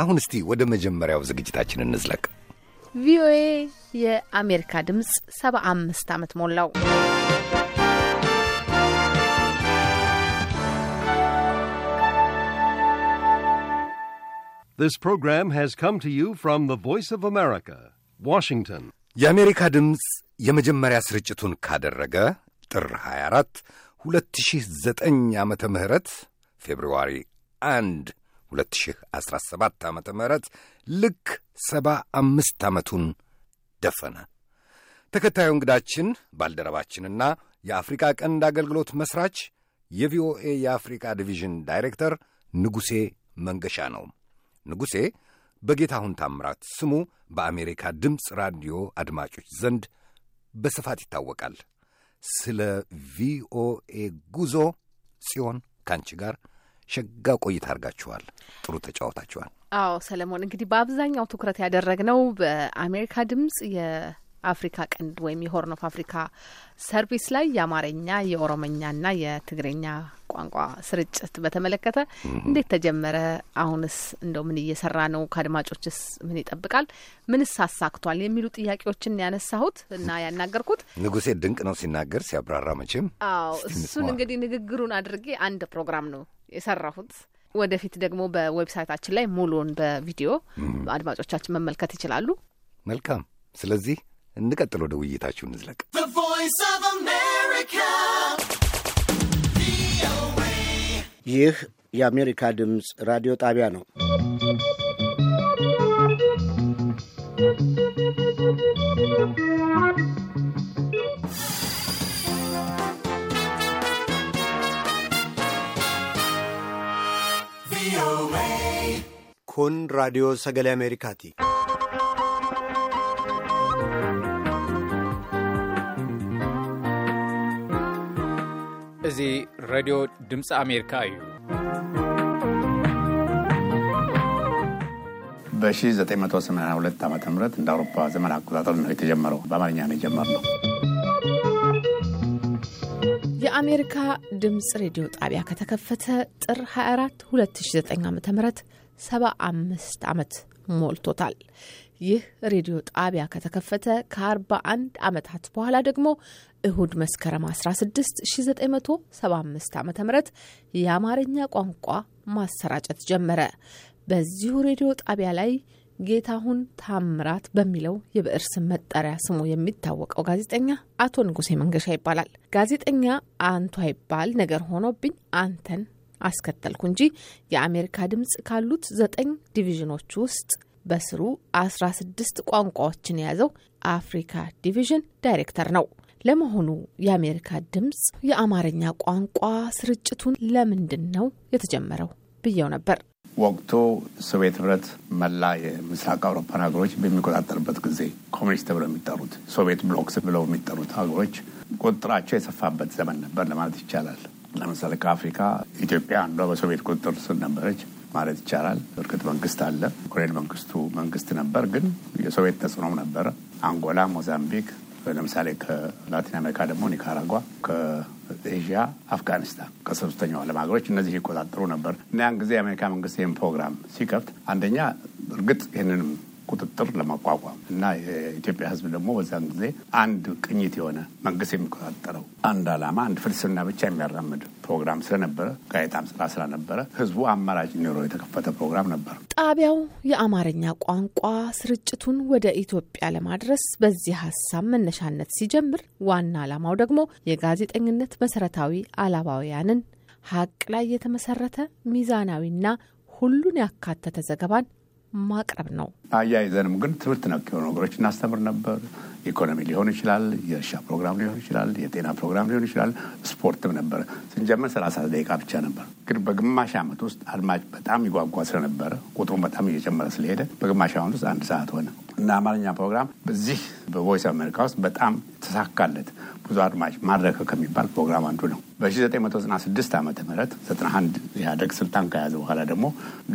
አሁን እስቲ ወደ መጀመሪያው ዝግጅታችን እንዝለቅ። ቪኦኤ የአሜሪካ ድምፅ ሰባ አምስት ዓመት ሞላው። This program has come to you from the Voice of America, Washington. የአሜሪካ ድምፅ የመጀመሪያ ስርጭቱን ካደረገ ጥር 24 2009 ዓመተ ምህረት ፌብርዋሪ 1 2017 ዓ ም ልክ ሰባ አምስት ዓመቱን ደፈነ። ተከታዩ እንግዳችን ባልደረባችንና የአፍሪካ ቀንድ አገልግሎት መስራች የቪኦኤ የአፍሪካ ዲቪዥን ዳይሬክተር ንጉሴ መንገሻ ነው። ንጉሴ በጌታሁን ታምራት ስሙ በአሜሪካ ድምፅ ራዲዮ አድማጮች ዘንድ በስፋት ይታወቃል። ስለ ቪኦኤ ጉዞ ጽዮን ከአንቺ ጋር ሸጋ ቆይታ አርጋችኋል። ጥሩ ተጫወታችኋል። አዎ ሰለሞን፣ እንግዲህ በአብዛኛው ትኩረት ያደረግነው በአሜሪካ ድምጽ የአፍሪካ ቀንድ ወይም የሆርን ኦፍ አፍሪካ ሰርቪስ ላይ የአማርኛ የኦሮመኛና የትግረኛ ቋንቋ ስርጭት በተመለከተ እንዴት ተጀመረ? አሁንስ እንደው ምን እየሰራ ነው? ከአድማጮችስ ምን ይጠብቃል? ምንስ አሳክቷል? የሚሉ ጥያቄዎችን ያነሳሁት እና ያናገርኩት ንጉሴ ድንቅ ነው ሲናገር ሲያብራራ መቼም። አዎ እሱን እንግዲህ ንግግሩን አድርጌ አንድ ፕሮግራም ነው የሰራሁት። ወደፊት ደግሞ በዌብሳይታችን ላይ ሙሉን በቪዲዮ አድማጮቻችን መመልከት ይችላሉ። መልካም። ስለዚህ እንቀጥል፣ ወደ ውይይታችሁ እንዝለቅ። ይህ የአሜሪካ ድምፅ ራዲዮ ጣቢያ ነው። kun raadiyoo sagalee Ameerikaati. እዚ ሬድዮ ድምፂ ኣሜሪካ እዩ። በ1982 ዓ ም እንደ ኣውሮፓ ዘመን ኣቆጣጠር ነው የተጀመረው። ብኣማርኛ ነው የጀመርነው። የአሜሪካ ድምፅ ሬዲዮ ጣቢያ ከተከፈተ ጥር 24 2009 ዓ ም ሰባ አምስት ዓመት ሞልቶታል። ይህ ሬዲዮ ጣቢያ ከተከፈተ ከ41 ዓመታት በኋላ ደግሞ እሁድ መስከረም 16 1975 ዓ ም የአማርኛ ቋንቋ ማሰራጨት ጀመረ። በዚሁ ሬዲዮ ጣቢያ ላይ ጌታሁን ታምራት በሚለው የብዕር ስም መጠሪያ ስሙ የሚታወቀው ጋዜጠኛ አቶ ንጉሴ መንገሻ ይባላል። ጋዜጠኛ አንቱ አይባል ነገር ሆኖብኝ አንተን አስከተልኩ እንጂ የአሜሪካ ድምጽ ካሉት ዘጠኝ ዲቪዥኖች ውስጥ በስሩ አስራ ስድስት ቋንቋዎችን የያዘው አፍሪካ ዲቪዥን ዳይሬክተር ነው። ለመሆኑ የአሜሪካ ድምፅ የአማርኛ ቋንቋ ስርጭቱን ለምንድን ነው የተጀመረው ብየው ነበር። ወቅቱ ሶቪየት ህብረት መላ የምስራቅ አውሮፓን ሀገሮች በሚቆጣጠርበት ጊዜ ኮሚኒስት ብለው የሚጠሩት ሶቪየት ብሎክስ ብለው የሚጠሩት ሀገሮች ቁጥራቸው የሰፋበት ዘመን ነበር ለማለት ይቻላል። ለምሳሌ ከአፍሪካ ኢትዮጵያ አንዷ በሶቪየት ቁጥጥር ስር ነበረች ማለት ይቻላል። እርግጥ መንግስት አለ፣ ኮሎኔል መንግስቱ መንግስት ነበር፣ ግን የሶቪየት ተጽዕኖም ነበረ። አንጎላ፣ ሞዛምቢክ ለምሳሌ ከላቲን አሜሪካ ደግሞ ኒካራጓ፣ ከኤዥያ አፍጋኒስታን፣ ከሶስተኛው ዓለም ሀገሮች እነዚህ ይቆጣጠሩ ነበር እና ያን ጊዜ የአሜሪካ መንግስት ይህን ፕሮግራም ሲከፍት አንደኛ እርግጥ ይህንንም ቁጥጥር ለማቋቋም እና የኢትዮጵያ ሕዝብ ደግሞ በዛን ጊዜ አንድ ቅኝት የሆነ መንግስት የሚቆጣጠረው አንድ ዓላማ አንድ ፍልስፍና ብቻ የሚያራምድ ፕሮግራም ስለነበረ ጋዜጣም ስራ ስለነበረ ህዝቡ አማራጭ ኒሮ የተከፈተ ፕሮግራም ነበር። ጣቢያው የአማርኛ ቋንቋ ስርጭቱን ወደ ኢትዮጵያ ለማድረስ በዚህ ሀሳብ መነሻነት ሲጀምር ዋና ዓላማው ደግሞ የጋዜጠኝነት መሰረታዊ አላባውያንን ሀቅ ላይ የተመሰረተ ሚዛናዊና ሁሉን ያካተተ ዘገባን ማቅረብ ነው። አያይዘንም ግን ትምህርት ነክ የሆኑ ነገሮች እናስተምር ነበር። ኢኮኖሚ ሊሆን ይችላል፣ የእርሻ ፕሮግራም ሊሆን ይችላል፣ የጤና ፕሮግራም ሊሆን ይችላል። ስፖርትም ነበር። ስንጀምር ሰላሳ ደቂቃ ብቻ ነበር። ግን በግማሽ ዓመት ውስጥ አድማጭ በጣም ይጓጓ ስለነበረ ቁጥሩን በጣም እየጨመረ ስለሄደ በግማሽ ዓመት ውስጥ አንድ ሰዓት ሆነ። እና አማርኛ ፕሮግራም በዚህ በቮይስ አሜሪካ ውስጥ በጣም ተሳካለት። ብዙ አድማጭ ማድረከ ከሚባል ፕሮግራም አንዱ ነው። በ1996 ዓ ም 91 ኢህአደግ ስልጣን ከያዘ በኋላ ደግሞ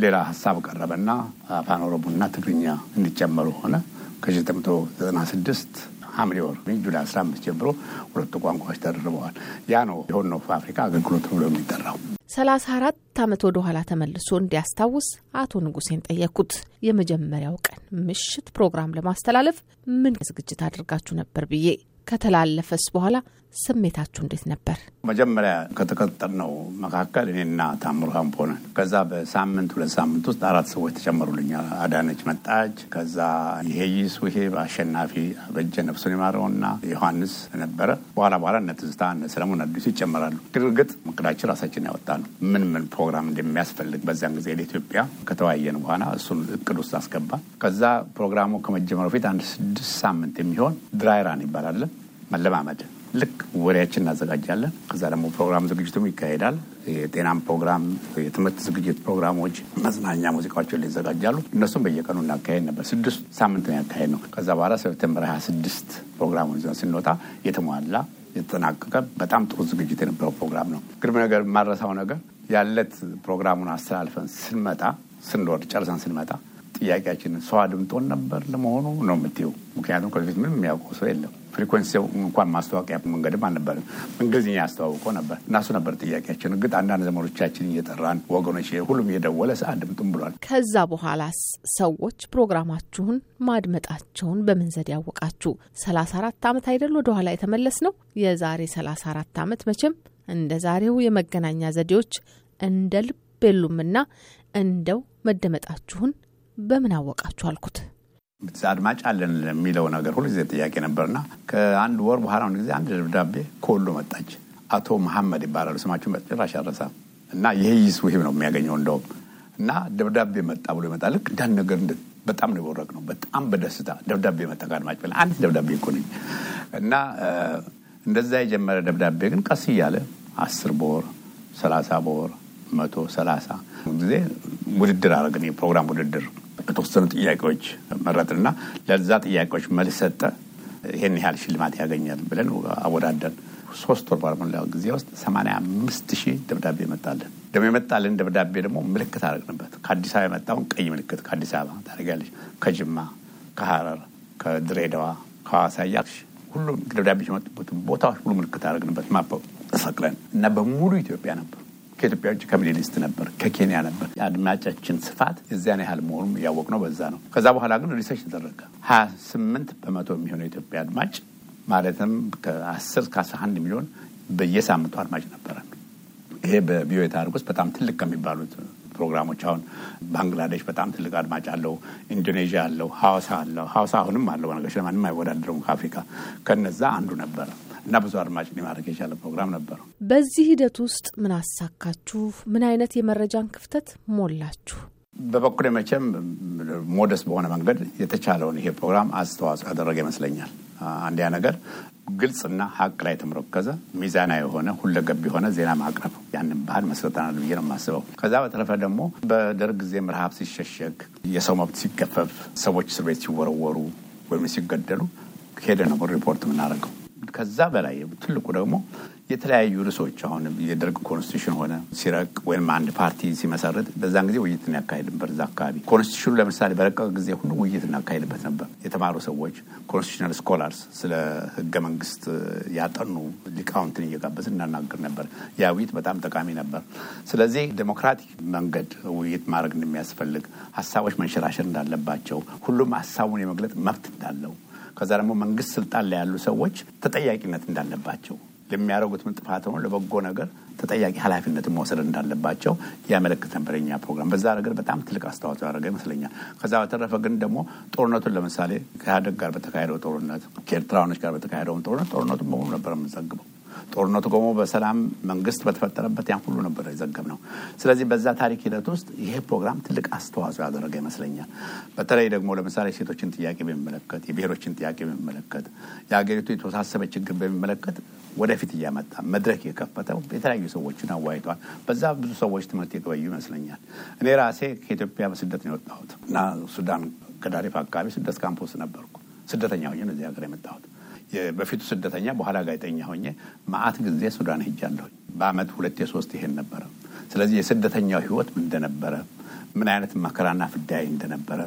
ሌላ ሀሳብ ቀረበና አፋን ኦሮሞና ትግርኛ እንዲጨመሩ ሆነ ከ1996 ሐምሌ ወር ጁን 15 ጀምሮ ሁለቱ ቋንቋዎች ተደርበዋል። ያ ነው የሆርን ኦፍ አፍሪካ አገልግሎት ተብሎ የሚጠራው። 34 ዓመት ወደ ኋላ ተመልሶ እንዲያስታውስ አቶ ንጉሴን ጠየኩት። የመጀመሪያው ቀን ምሽት ፕሮግራም ለማስተላለፍ ምን ዝግጅት አድርጋችሁ ነበር ብዬ ከተላለፈስ በኋላ ስሜታችሁ እንዴት ነበር? መጀመሪያ ከተቀጠርነው መካከል እኔና ታምሩ ሀምፖ ነን። ከዛ በሳምንት ሁለት ሳምንት ውስጥ አራት ሰዎች ተጨመሩልኛል። አዳነች መጣች። ከዛ ይሄ ውሄ አሸናፊ በጀ ነፍሱን የማረውና ዮሐንስ ነበረ። በኋላ በኋላ እነ ትዝታ እነ ሰለሞን አዲሱ ይጨመራሉ። ድርግጥ እቅዳችን ራሳችን ነው። ምን ምን ፕሮግራም እንደሚያስፈልግ በዚያን ጊዜ ለኢትዮጵያ ከተወያየን በኋላ እሱን እቅድ ውስጥ አስገባ። ከዛ ፕሮግራሙ ከመጀመሩ ፊት አንድ ስድስት ሳምንት የሚሆን ድራይራን ይባላለን መለማመድ ልክ ወሬያችን እናዘጋጃለን። ከዛ ደግሞ ፕሮግራም ዝግጅቱም ይካሄዳል። የጤናም ፕሮግራም፣ የትምህርት ዝግጅት ፕሮግራሞች፣ መዝናኛ ሙዚቃዎች ይዘጋጃሉ። እነሱም በየቀኑ እናካሄድ ነበር። ስድስት ሳምንት ነው ያካሄድ ነው። ከዛ በኋላ ሰፕተምበር 26 ፕሮግራሙን ይዘን ስንወጣ የተሟላ የተጠናቀቀ በጣም ጥሩ ዝግጅት የነበረው ፕሮግራም ነው። ግርም ነገር የማረሳው ነገር ያለት ፕሮግራሙን አስተላልፈን ስንመጣ ስንወርድ ጨርሰን ስንመጣ ጥያቄያችንን ሰው አድምጦን ነበር ለመሆኑ ነው የምትይው? ምክንያቱም ከፊት ምንም የሚያውቀው ሰው የለም። ፍሪኮንሲው እንኳን ማስታወቂያ መንገድም አልነበርም። እንግሊዝኛ ያስተዋውቆ ነበር እና እሱ ነበር ጥያቄያችን። እርግጥ አንዳንድ ዘመኖቻችን እየጠራን ወገኖች፣ ሁሉም እየደወለ አድምጡም ብሏል። ከዛ በኋላስ ሰዎች ፕሮግራማችሁን ማድመጣቸውን በምን ዘዴ ያወቃችሁ? ሰላሳ አራት ዓመት አይደል ወደኋላ የተመለስ ነው። የዛሬ ሰላሳ አራት ዓመት መቼም እንደ ዛሬው የመገናኛ ዘዴዎች እንደ ልብ የሉምና እንደው መደመጣችሁን በምን አወቃችሁ አልኩት። አድማጭ አለን የሚለው ነገር ሁልጊዜ ጥያቄ ነበርና ከአንድ ወር በኋላ ሁን ጊዜ አንድ ደብዳቤ ከወሎ መጣች። አቶ መሐመድ ይባላሉ ስማችሁን በጭራሽ አረሳ እና የህይስ ውሂብ ነው የሚያገኘው እንደውም እና ደብዳቤ መጣ ብሎ ይመጣ ልክ እንዳንድ ነገር በጣም ነው የወረቅ ነው በጣም በደስታ ደብዳቤ መጣ ከአድማጭ ብለን አንድ ደብዳቤ እኮ ነኝ እና እንደዛ የጀመረ ደብዳቤ ግን ቀስ እያለ አስር በወር ሰላሳ በወር መቶ ሰላሳ ጊዜ ውድድር አረግን የፕሮግራም ውድድር በተወሰኑ ጥያቄዎች መረጥና ለዛ ጥያቄዎች መልስ ሰጠ። ይህን ያህል ሽልማት ያገኛል ብለን አወዳደን። ሶስት ወር ባልሞላ ጊዜ ውስጥ 85 ሺህ ደብዳቤ መጣልን። ደግሞ የመጣልን ደብዳቤ ደግሞ ምልክት አረግንበት ከአዲስ አበባ የመጣውን ቀይ ምልክት ከአዲስ አበባ ታደርጋለች ከጅማ፣ ከሀረር ከድሬዳዋ፣ ከሐዋሳ ሁሉም ደብዳቤ የመጡበትን ቦታዎች ሁሉ ምልክት አረግንበት ማበ ሰቅለን እና በሙሉ ኢትዮጵያ ነበር ከኢትዮጵያ ውጭ ከሚድል ኢስት ነበር፣ ከኬንያ ነበር። የአድማጫችን ስፋት የዚያን ያህል መሆኑም እያወቅ ነው። በዛ ነው። ከዛ በኋላ ግን ሪሰርች ተደረገ። ሀያ ስምንት በመቶ የሚሆነው የኢትዮጵያ አድማጭ ማለትም ከአስር እስከ አስራ አንድ ሚሊዮን በየሳምንቱ አድማጭ ነበረ። ይሄ በቪኦኤ ታሪክ ውስጥ በጣም ትልቅ ከሚባሉት ፕሮግራሞች አሁን ባንግላዴሽ በጣም ትልቅ አድማጭ አለው። ኢንዶኔዥያ አለው። ሀዋሳ አለው። ሀዋሳ አሁንም አለው። ነገሽ ለማንም አይወዳደረውም ከአፍሪካ ከነዛ አንዱ ነበረ። እና ብዙ አድማጭ ማድረግ የቻለ ፕሮግራም ነበረው። በዚህ ሂደት ውስጥ ምን አሳካችሁ? ምን አይነት የመረጃን ክፍተት ሞላችሁ? በበኩሌ መቼም ሞደስ በሆነ መንገድ የተቻለውን ይሄ ፕሮግራም አስተዋጽኦ ያደረገ ይመስለኛል። አንዲያ ነገር ግልጽና ሀቅ ላይ የተመረከዘ ሚዛና የሆነ ሁለገብ የሆነ ዜና ማቅረብ ያንን ባህል መስረተናል ብዬ ነው የማስበው። ከዛ በተረፈ ደግሞ በደርግ ጊዜም ረሃብ ሲሸሸግ፣ የሰው መብት ሲገፈፍ፣ ሰዎች እስር ቤት ሲወረወሩ ወይም ሲገደሉ ሄደ ነው ሪፖርት የምናደርገው ከዛ በላይ ትልቁ ደግሞ የተለያዩ ርዕሶች አሁን የደርግ ኮንስቲቱሽን ሆነ ሲረቅ ወይም አንድ ፓርቲ ሲመሰረት በዛን ጊዜ ውይይት እናካሄድ ነበር። እዛ አካባቢ ኮንስቲቱሽኑ ለምሳሌ በረቀቀ ጊዜ ሁሉ ውይይት እናካሄድበት ነበር። የተማሩ ሰዎች ኮንስቲቱሽናል ስኮላርስ፣ ስለ ህገ መንግስት ያጠኑ ሊቃውንትን እየጋበዝን እናናገር ነበር። ያ ውይይት በጣም ጠቃሚ ነበር። ስለዚህ ዴሞክራቲክ መንገድ ውይይት ማድረግ እንደሚያስፈልግ፣ ሀሳቦች መንሸራሸር እንዳለባቸው፣ ሁሉም ሀሳቡን የመግለጥ መብት እንዳለው ከዛ ደግሞ መንግስት ስልጣን ላይ ያሉ ሰዎች ተጠያቂነት እንዳለባቸው ለሚያደርጉት ጥፋት ሆኖ ለበጎ ነገር ተጠያቂ ኃላፊነት መውሰድ እንዳለባቸው ያመለክት ነበር የኛ ፕሮግራም። በዛ ነገር በጣም ትልቅ አስተዋጽኦ ያደረገ ይመስለኛል። ከዛ በተረፈ ግን ደግሞ ጦርነቱን ለምሳሌ ከኢህአዴግ ጋር በተካሄደው ጦርነት፣ ከኤርትራኖች ጋር በተካሄደውን ጦርነት ጦርነቱን በሙሉ ነበር የምንዘግበው። ጦርነቱ ቆሞ በሰላም መንግስት በተፈጠረበት ያን ሁሉ ነበር የዘገብ ነው። ስለዚህ በዛ ታሪክ ሂደት ውስጥ ይሄ ፕሮግራም ትልቅ አስተዋጽኦ ያደረገ ይመስለኛል። በተለይ ደግሞ ለምሳሌ ሴቶችን ጥያቄ በሚመለከት፣ የብሔሮችን ጥያቄ በሚመለከት፣ የሀገሪቱ የተወሳሰበ ችግር በሚመለከት ወደፊት እያመጣ መድረክ የከፈተው የተለያዩ ሰዎችን አዋይተዋል። በዛ ብዙ ሰዎች ትምህርት የገበዩ ይመስለኛል። እኔ ራሴ ከኢትዮጵያ በስደት ነው የወጣሁት እና ሱዳን ከዳሪፍ አካባቢ ስደት ካምፖስ ነበርኩ። ስደተኛ ሆኜ እዚህ ሀገር የመጣሁት በፊቱ ስደተኛ በኋላ ጋዜጠኛ ሆኜ መዓት ጊዜ ሱዳን ሄጃለሁ በአመት ሁለት የሶስት ይሄን ነበረ። ስለዚህ የስደተኛው ህይወት ምን እንደነበረ ምን አይነት መከራና ፍዳይ እንደነበረ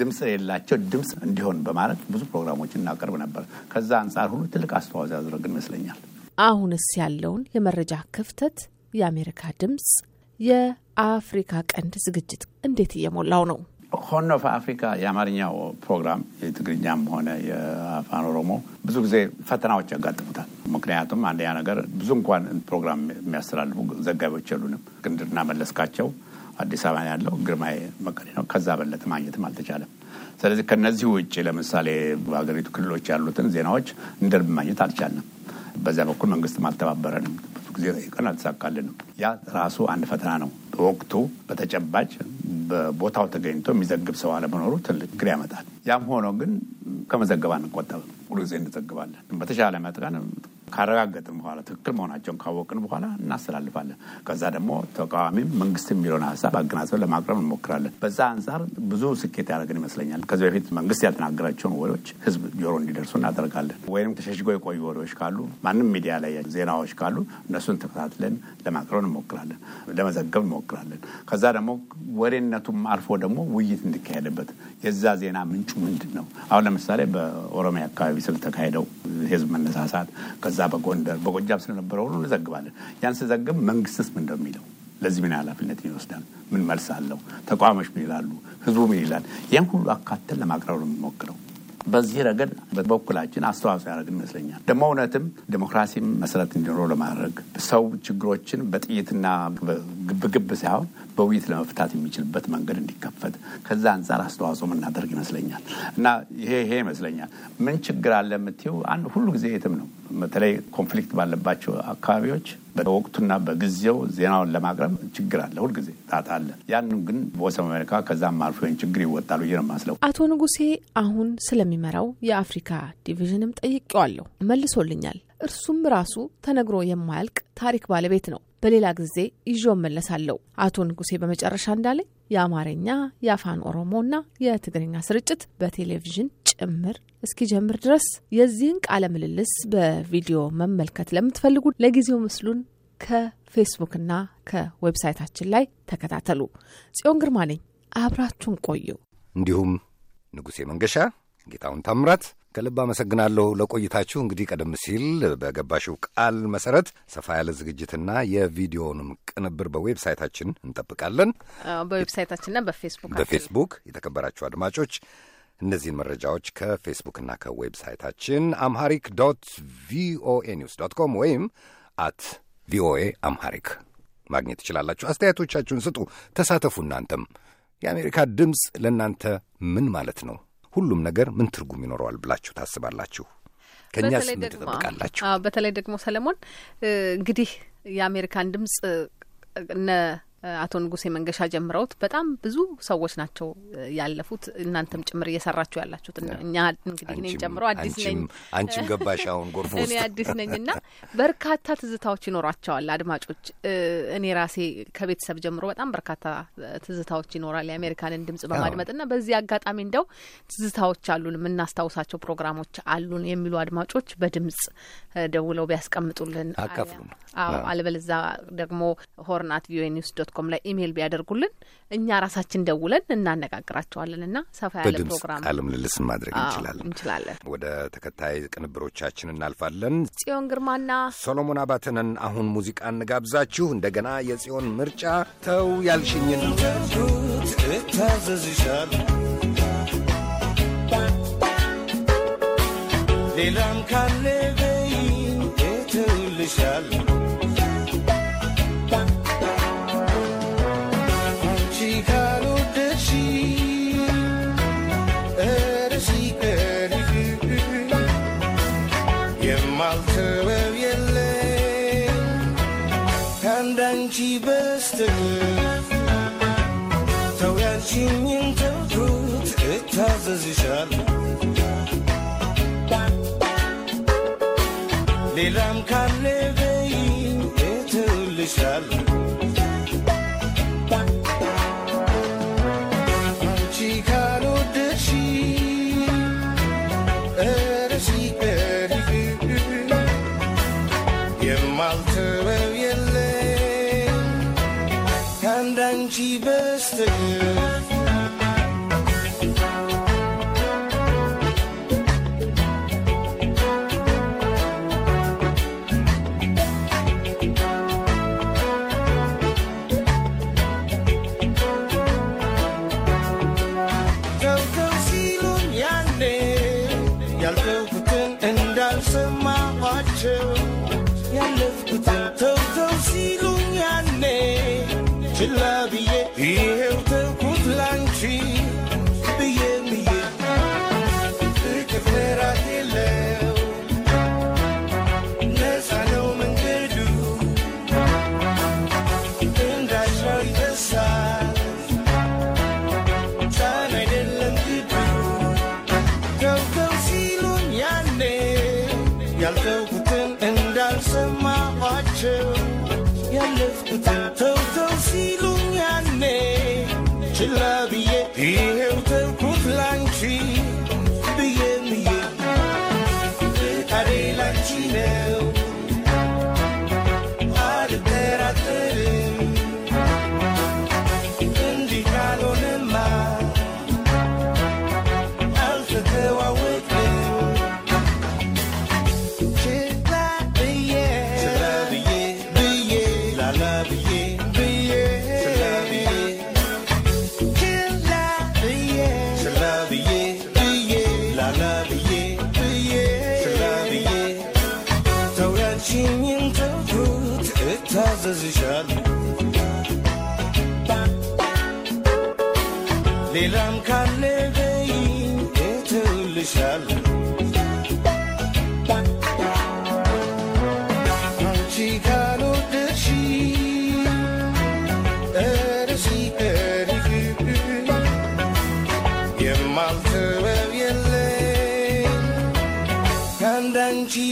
ድምፅ የሌላቸው ድምፅ እንዲሆን በማለት ብዙ ፕሮግራሞች እናቀርብ ነበር። ከዛ አንጻር ሁሉ ትልቅ አስተዋጽኦ ያደረግን ይመስለኛል። አሁንስ ያለውን የመረጃ ክፍተት የአሜሪካ ድምፅ የአፍሪካ ቀንድ ዝግጅት እንዴት እየሞላው ነው? ሆርን ኦፍ አፍሪካ የአማርኛው ፕሮግራም የትግርኛም ሆነ የአፋን ኦሮሞ ብዙ ጊዜ ፈተናዎች ያጋጥሙታል። ምክንያቱም አንደኛ ነገር ብዙ እንኳን ፕሮግራም የሚያስተላልፉ ዘጋቢዎች የሉንም። እስክንድርና መለስካቸው አዲስ አበባ ያለው ግርማይ መቀሌ ነው። ከዛ በለጥ ማግኘትም አልተቻለም። ስለዚህ ከነዚህ ውጭ ለምሳሌ በሀገሪቱ ክልሎች ያሉትን ዜናዎች እንደልብ ማግኘት አልቻለም። በዚያ በኩል መንግስትም አልተባበረንም። ጊዜ አልተሳካልንም። ያ ራሱ አንድ ፈተና ነው። በወቅቱ በተጨባጭ በቦታው ተገኝቶ የሚዘግብ ሰው አለመኖሩ ትልቅ ችግር ያመጣል። ያም ሆኖ ግን ከመዘገብ አንቆጠብም። ሁሉ ጊዜ እንዘግባለን። በተሻለ መጠን ካረጋገጥን በኋላ ትክክል መሆናቸውን ካወቅን በኋላ እናስተላልፋለን። ከዛ ደግሞ ተቃዋሚም መንግስት የሚለውን ሀሳብ አገናዘብ ለማቅረብ እንሞክራለን። በዛ አንጻር ብዙ ስኬት ያደረግን ይመስለኛል። ከዚህ በፊት መንግስት ያልተናገራቸውን ወሬዎች ህዝብ ጆሮ እንዲደርሱ እናደርጋለን። ወይም ተሸሽጎ የቆዩ ወሬዎች ካሉ፣ ማንም ሚዲያ ላይ ዜናዎች ካሉ እነሱን ተከታትለን ለማቅረብ እንሞክራለን፣ ለመዘገብ እንሞክራለን። ከዛ ደግሞ ወሬነቱም አልፎ ደግሞ ውይይት እንዲካሄድበት የዛ ዜና ምንጩ ምንድን ነው? አሁን ለምሳሌ በኦሮሚያ አካባቢ ስለተካሄደው ህዝብ መነሳሳት ከዛ በጎንደር በጎጃም ስለነበረው ሁሉ እንዘግባለን። ያን ስዘግብ መንግስትስ ምን እንደሚለው ለዚህ ምን ኃላፊነት ይወስዳል? ምን መልስ አለው? ተቋሞች ምን ይላሉ? ህዝቡ ምን ይላል? ያን ሁሉ አካተን ለማቅረብ ነው የምንሞክረው። በዚህ ረገድ በበኩላችን አስተዋጽኦ ያደረግ ይመስለኛል። ደግሞ እውነትም ዲሞክራሲም መሰረት እንዲኖረው ለማድረግ ሰው ችግሮችን በጥይትና ግብግብ ሳይሆን በውይይት ለመፍታት የሚችልበት መንገድ እንዲከፈት ከዛ አንጻር አስተዋጽኦ የምናደርግ ይመስለኛል እና ይሄ ይሄ ይመስለኛል ምን ችግር አለ የምትይው አንድ ሁሉ ጊዜ የትም ነው በተለይ ኮንፍሊክት ባለባቸው አካባቢዎች በወቅቱና በጊዜው ዜናውን ለማቅረብ ችግር አለ፣ ሁልጊዜ ጣጣ አለ። ያንን ግን በወሰብ አሜሪካ ከዛም አልፎ ይህን ችግር ይወጣሉ ብዬ ነው የማስለው። አቶ ንጉሴ አሁን ስለሚመራው የአፍሪካ ዲቪዥንም ጠይቄዋለሁ፣ መልሶልኛል። እርሱም ራሱ ተነግሮ የማያልቅ ታሪክ ባለቤት ነው። በሌላ ጊዜ ይዤ እመለሳለሁ። አቶ ንጉሴ በመጨረሻ እንዳለኝ የአማርኛ የአፋን ኦሮሞ እና የትግርኛ ስርጭት በቴሌቪዥን ጭምር እስኪጀምር ድረስ የዚህን ቃለ ምልልስ በቪዲዮ መመልከት ለምትፈልጉ ለጊዜው ምስሉን ከፌስቡክ እና ከዌብሳይታችን ላይ ተከታተሉ። ጽዮን ግርማ ነኝ። አብራችሁን ቆዩ። እንዲሁም ንጉሴ መንገሻ፣ ጌታውን ታምራት ከልብ አመሰግናለሁ ለቆይታችሁ። እንግዲህ ቀደም ሲል በገባሽው ቃል መሰረት ሰፋ ያለ ዝግጅትና የቪዲዮንም ቅንብር በዌብሳይታችን እንጠብቃለን። በዌብሳይታችንና በፌስቡክ በፌስቡክ የተከበራችሁ አድማጮች እነዚህን መረጃዎች ከፌስቡክና ከዌብሳይታችን አምሃሪክ ዶት ቪኦኤ ኒውስ ዶት ኮም ወይም አት ቪኦኤ አምሃሪክ ማግኘት ትችላላችሁ። አስተያየቶቻችሁን ስጡ፣ ተሳተፉ። እናንተም የአሜሪካ ድምፅ ለእናንተ ምን ማለት ነው? ሁሉም ነገር ምን ትርጉም ይኖረዋል ብላችሁ ታስባላችሁ? ከእኛ ስም ትጠብቃላችሁ? በተለይ ደግሞ ሰለሞን እንግዲህ የአሜሪካን ድምጽ አቶ ንጉሴ መንገሻ ጀምረውት በጣም ብዙ ሰዎች ናቸው ያለፉት። እናንተም ጭምር እየሰራችሁ ያላችሁት እኛ እንግዲህ እኔን ጨምሮ አዲስ ነኝ። አንቺም ገባሽ አሁን ጎርፎ ውስጥ። እኔ አዲስ ነኝ እና በርካታ ትዝታዎች ይኖሯቸዋል አድማጮች። እኔ ራሴ ከቤተሰብ ጀምሮ በጣም በርካታ ትዝታዎች ይኖራል የአሜሪካንን ድምጽ በማድመጥ እና በዚህ አጋጣሚ እንደው ትዝታዎች አሉን የምናስታውሳቸው ፕሮግራሞች አሉን የሚሉ አድማጮች በድምጽ ደውለው ቢያስቀምጡልን አካፍሉም። አለበለዛ ደግሞ ሆርን አት ቪኦኤ ኒውስ ዶት ኮም ላይ ኢሜይል ቢያደርጉልን እኛ ራሳችን ደውለን እናነጋግራቸዋለን እና ሰፋ ያለ ፕሮግራም ቃለ ምልልስ ማድረግ እንችላለን እንችላለን። ወደ ተከታይ ቅንብሮቻችን እናልፋለን። ጽዮን ግርማና ሶሎሞን አባተንን አሁን ሙዚቃ እንጋብዛችሁ። እንደገና የጽዮን ምርጫ ተው ያልሽኝን ሌላም ካለ Jesus is shining. ያልፈውኩትን እንዳልሰማኋቸው ያለፍኩትን ተውተው ሲሉኝ ያኔ ችላ ብዬ ይሄው ያልተውኩትን እንዳልሰማኋቸው ያለፍኩትን ተውተው ሲሉኝ ያኔ ችላ ብዬ ይሄው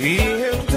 Yeah.